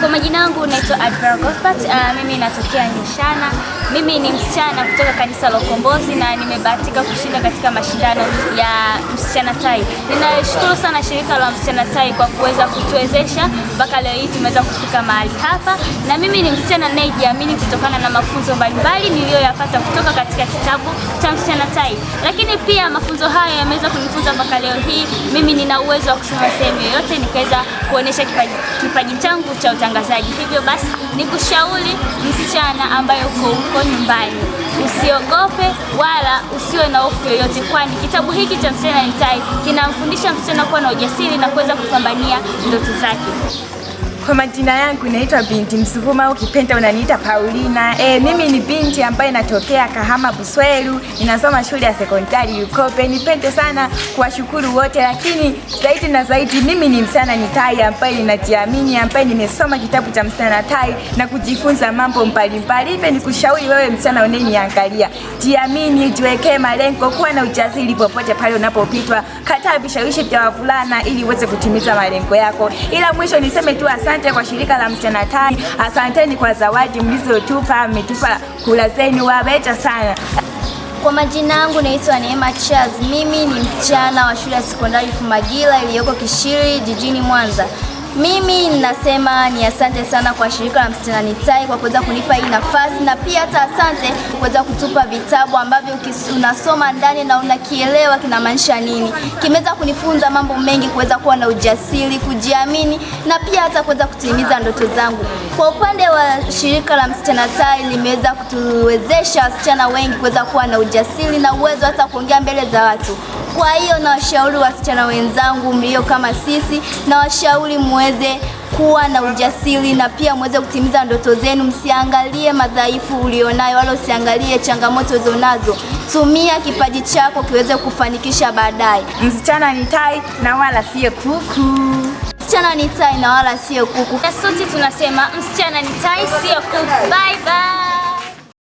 Kwa majina yangu naitwa Advera Gospat. Uh, mimi natokea Nyeshana mimi ni msichana kutoka kanisa la Ukombozi na nimebahatika kushinda katika mashindano ya msichana tai. Ninashukuru sana shirika la msichana tai kwa kuweza kutuwezesha mpaka leo hii tumeweza kufika mahali hapa, na mimi ni msichana nayejiamini kutokana na mafunzo mbalimbali niliyoyapata kutoka katika kitabu cha msichana tai, lakini pia mafunzo haya yameweza kunifunza mpaka leo hii mimi nina uwezo wa kusoma sehemu yoyote nikaweza kuonesha kipaji, kipaji changu cha utangazaji. Hivyo basi nikushauri msichana ambaye uko nyumbani, usiogope wala usiwe na hofu yoyote, kwani kitabu hiki cha Msichana nitai kinamfundisha msichana kuwa na ujasiri na kuweza kupambania ndoto zake. Kwa majina yangu naitwa binti Msukuma, ukipenda unaniita Paulina. E, mimi ni binti ambaye natokea Kahama Buswelu, ninasoma shule ya sekondari Ukope. Nipende sana kuwashukuru wote, lakini zaidi na zaidi mimi ni msichana ni tai ambaye ninajiamini, ambaye nimesoma kitabu cha msichana tai na kujifunza mambo mbalimbali. Hivyo nikushauri wewe msichana unayeniangalia, jiamini, jiwekee malengo, kuwa na ujasiri popote pale unapopitwa, kataa vishawishi vya wavulana ili uweze kutimiza malengo yako. Ila mwisho niseme tu asante Asante kwa shirika la Msichana asanteni kwa zawadi mlizotupa, mmetupa kula zenu, wabecha sana. Kwa majina yangu naitwa Neema Charles, mimi ni msichana wa shule ya sekondari Fumagila iliyoko Kishiri jijini Mwanza. Mimi ninasema ni asante sana kwa shirika la Msichana ni Tai kwa kuweza kunipa hii nafasi, na pia hata asante kuweza kutupa vitabu ambavyo unasoma ndani na unakielewa kinamaanisha nini. Kimeweza kunifunza mambo mengi, kuweza kuwa na ujasiri, kujiamini na pia hata kuweza kutimiza ndoto zangu. Kwa upande wa shirika la Msichana Tai, limeweza kutuwezesha wasichana wengi kuweza kuwa na ujasiri na uwezo hata kuongea mbele za watu. Kwa hiyo nawashauri wasichana wenzangu mlio kama sisi, nawashauri mwe mweze kuwa na ujasiri na pia mweze kutimiza ndoto zenu. Msiangalie madhaifu ulionayo wala usiangalie changamoto zonazo Tumia kipaji chako kiweze kufanikisha baadaye. Msichana ni tai na wala sio kuku. Msichana ni tai na wala sio kuku. Na sote tunasema msichana ni tai sio kuku. Bye bye.